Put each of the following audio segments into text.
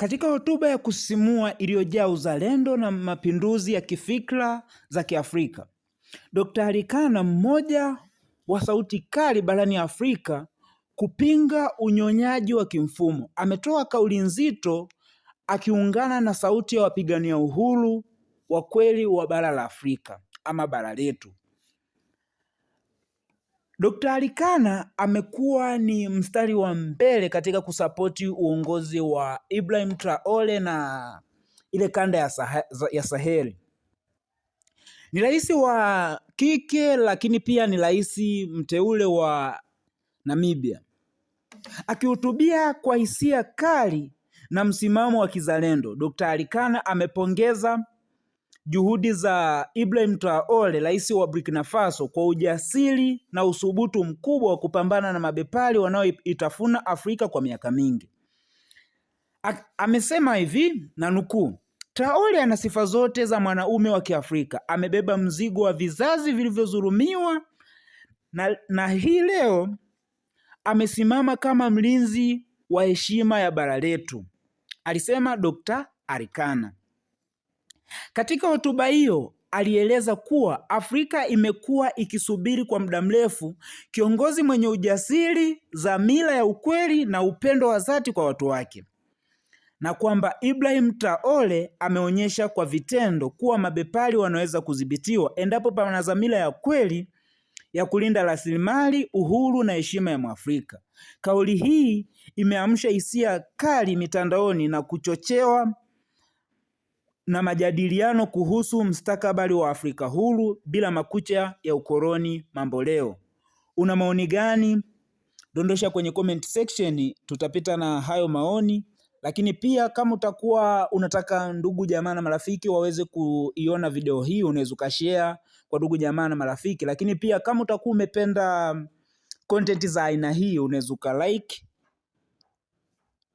Katika hotuba ya kusisimua iliyojaa uzalendo na mapinduzi ya kifikra za Kiafrika, Dr. Harikana, mmoja wa sauti kali barani Afrika kupinga unyonyaji wa kimfumo, ametoa kauli nzito akiungana na sauti ya wapigania uhuru wa kweli wa bara la Afrika ama bara letu, Dr. Alikana amekuwa ni mstari wa mbele katika kusapoti uongozi wa Ibrahim Traore na ile kanda ya, sah ya Saheli. Ni rais wa kike lakini pia ni rais mteule wa Namibia. Akihutubia kwa hisia kali na msimamo wa kizalendo, Dr. Alikana amepongeza juhudi za Ibrahim Traore, rais wa Burkina Faso, kwa ujasiri na usubutu mkubwa wa kupambana na mabepari wanaoitafuna Afrika kwa miaka mingi. A, amesema hivi na nukuu, Traore ana sifa zote za mwanaume wa Kiafrika, amebeba mzigo wa vizazi vilivyodhulumiwa na, na hii leo amesimama kama mlinzi wa heshima ya bara letu, alisema Dr. Arikana. Katika hotuba hiyo alieleza kuwa Afrika imekuwa ikisubiri kwa muda mrefu kiongozi mwenye ujasiri, dhamira ya ukweli na upendo wa dhati kwa watu wake, na kwamba Ibrahim Traore ameonyesha kwa vitendo kuwa mabepari wanaweza kudhibitiwa endapo pana dhamira ya kweli ya kulinda rasilimali, uhuru na heshima ya Mwafrika. Kauli hii imeamsha hisia kali mitandaoni na kuchochewa na majadiliano kuhusu mstakabali wa Afrika huru bila makucha ya ukoloni mamboleo. Una maoni gani? Dondosha kwenye comment section, tutapita na hayo maoni. Lakini pia kama utakuwa unataka ndugu jamaa na marafiki waweze kuiona video hii, unaweza ukashare kwa ndugu jamaa na marafiki. Lakini pia kama utakuwa umependa content za aina hii, unaweza ukalike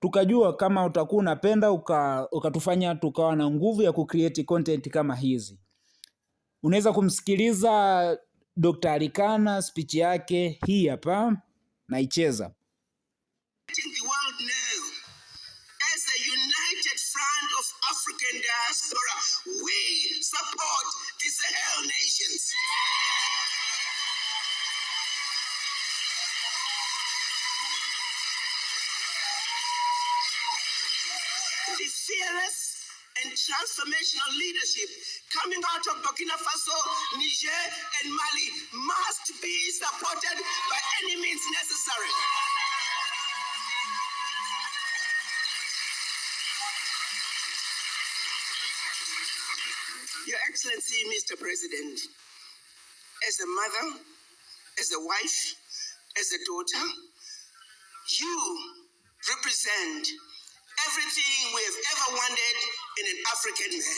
tukajua kama utakuwa unapenda ukatufanya uka tukawa na nguvu ya kucreate content kama hizi. Unaweza kumsikiliza Dr. Alikana speech yake hii hapa naicheza. African diaspora, we support this hell nation. the fearless and transformational leadership coming out of Burkina Faso, Niger, and Mali must be supported by any means necessary. Your Excellency, Mr. President, as a mother, as a wife, as a daughter, you represent everything we have ever wanted in an African man.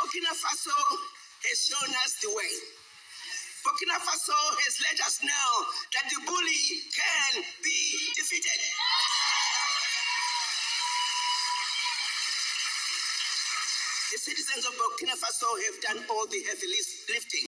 Burkina Faso has shown us the way. Burkina Faso has let us know that the bully can be defeated. The citizens of Burkina Faso have done all the heavy lifting.